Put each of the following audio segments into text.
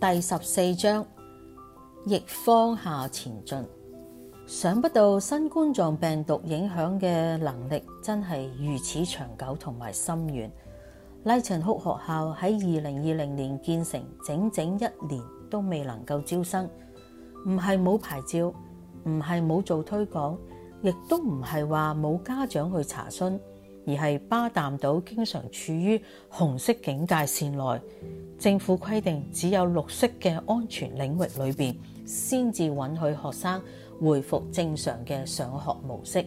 第十四章逆風下前進。想不到新冠狀病毒影響嘅能力真係如此長久同埋深遠。拉陳哭學校喺二零二零年建成，整整一年都未能夠招生，唔係冇牌照，唔係冇做推廣，亦都唔係話冇家長去查詢。而係巴淡島經常處於紅色警戒線內，政府規定只有綠色嘅安全領域裏邊，先至允許學生恢復正常嘅上學模式。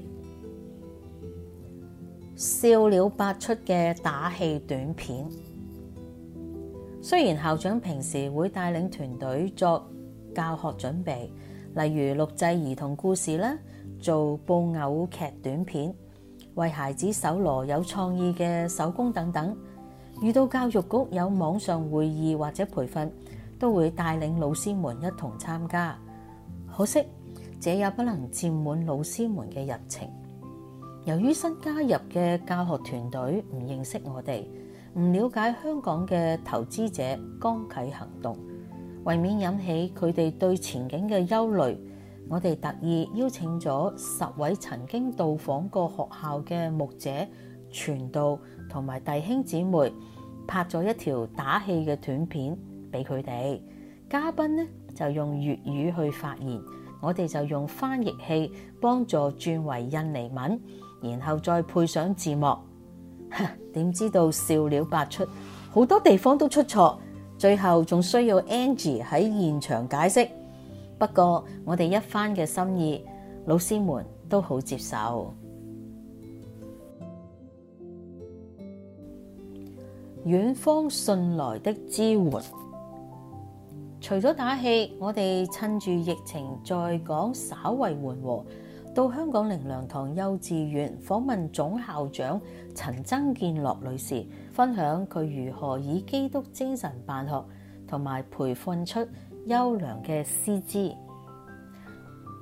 笑料百出嘅打氣短片，雖然校長平時會帶領團隊作教學準備，例如錄製兒童故事啦，做布偶劇短片。為孩子搜羅有創意嘅手工等等。遇到教育局有網上會議或者培訓，都會帶領老師們一同參加。可惜，這也不能佔滿老師們嘅日程。由於新加入嘅教學團隊唔認識我哋，唔了解香港嘅投資者剛啟行動，為免引起佢哋對前景嘅憂慮。我哋特意邀請咗十位曾經到訪過學校嘅牧者、傳道同埋弟兄姊妹，拍咗一條打氣嘅短片俾佢哋。嘉賓呢，就用粵語去發言，我哋就用翻譯器幫助轉為印尼文，然後再配上字幕。點知道笑料百出，好多地方都出錯，最後仲需要 Angie 喺現場解釋。不過，我哋一番嘅心意，老師們都好接受。遠方信來的支援，除咗打氣，我哋趁住疫情在港稍為緩和，到香港靈糧堂幼稚園訪問總校長陳曾建樂女士，分享佢如何以基督精神辦學，同埋培訓出，優良嘅師資。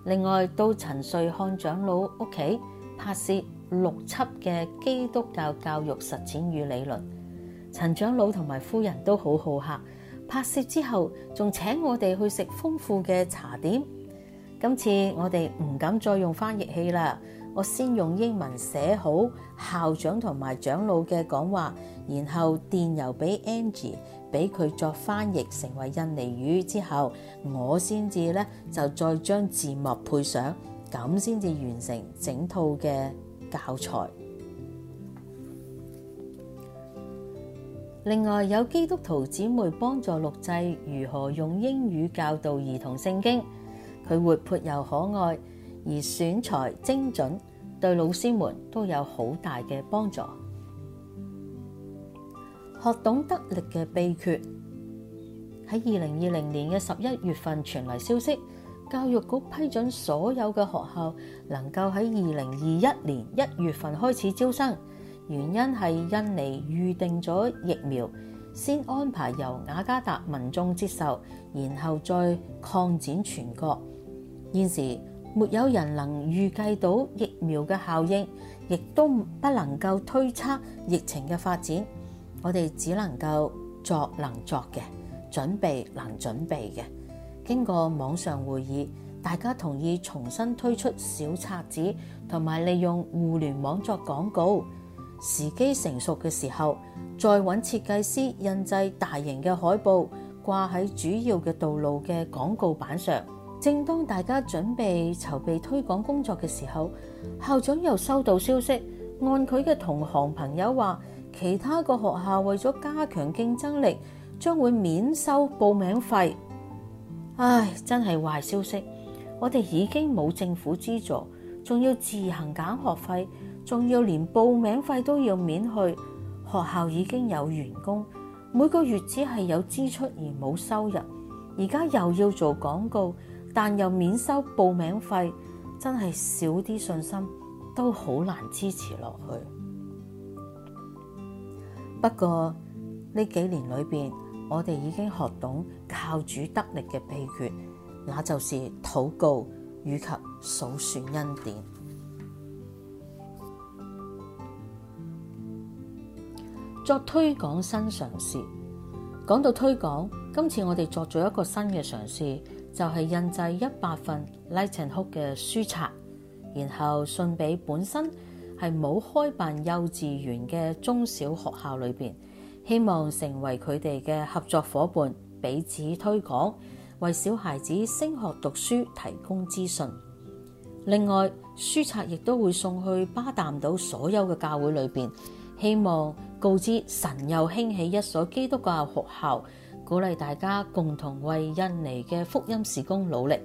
另外到陳瑞漢長老屋企拍攝六輯嘅基督教教育實踐與理論。陳長老同埋夫人都好好客，拍攝之後仲請我哋去食豐富嘅茶點。今次我哋唔敢再用翻譯器啦，我先用英文寫好校長同埋長老嘅講話，然後電郵俾 Angie。俾佢作翻譯成為印尼語之後，我先至呢，就再將字幕配上，咁先至完成整套嘅教材。另外，有基督徒姊妹幫助錄製如何用英語教導兒童聖經，佢活潑又可愛，而選材精準，對老師們都有好大嘅幫助。學懂得力嘅秘訣。喺二零二零年嘅十一月份傳嚟消息，教育局批准所有嘅學校能夠喺二零二一年一月份開始招生。原因係印尼預定咗疫苗，先安排由雅加達民眾接受，然後再擴展全國。現時沒有人能預計到疫苗嘅效應，亦都不能夠推測疫情嘅發展。我哋只能夠作能作嘅，準備能準備嘅。經過網上會議，大家同意重新推出小冊子，同埋利用互聯網作廣告。時機成熟嘅時候，再搵設計師印製大型嘅海報，掛喺主要嘅道路嘅廣告板上。正當大家準備籌備推廣工作嘅時候，校長又收到消息，按佢嘅同行朋友話：其他個學校為咗加強競爭力，將會免收報名費。唉，真係壞消息。我哋已經冇政府資助，仲要自行減學費，仲要連報名費都要免去。學校已經有員工，每個月只係有支出而冇收入。而家又要做廣告，但又免收報名費，真係少啲信心，都好難支持落去。不過呢幾年裏邊，我哋已經學懂靠主得力嘅秘訣，那就是禱告以及數算恩典。作推廣新嘗試，講到推廣，今次我哋作咗一個新嘅嘗試，就係、是、印製一百份 Lighten Up 嘅書冊，然後送俾本身。係冇開辦幼稚園嘅中小學校裏邊，希望成為佢哋嘅合作夥伴，彼此推廣，為小孩子升學讀書提供資訊。另外，書冊亦都會送去巴淡島所有嘅教會裏邊，希望告知神又興起一所基督教學校，鼓勵大家共同為印尼嘅福音事工努力。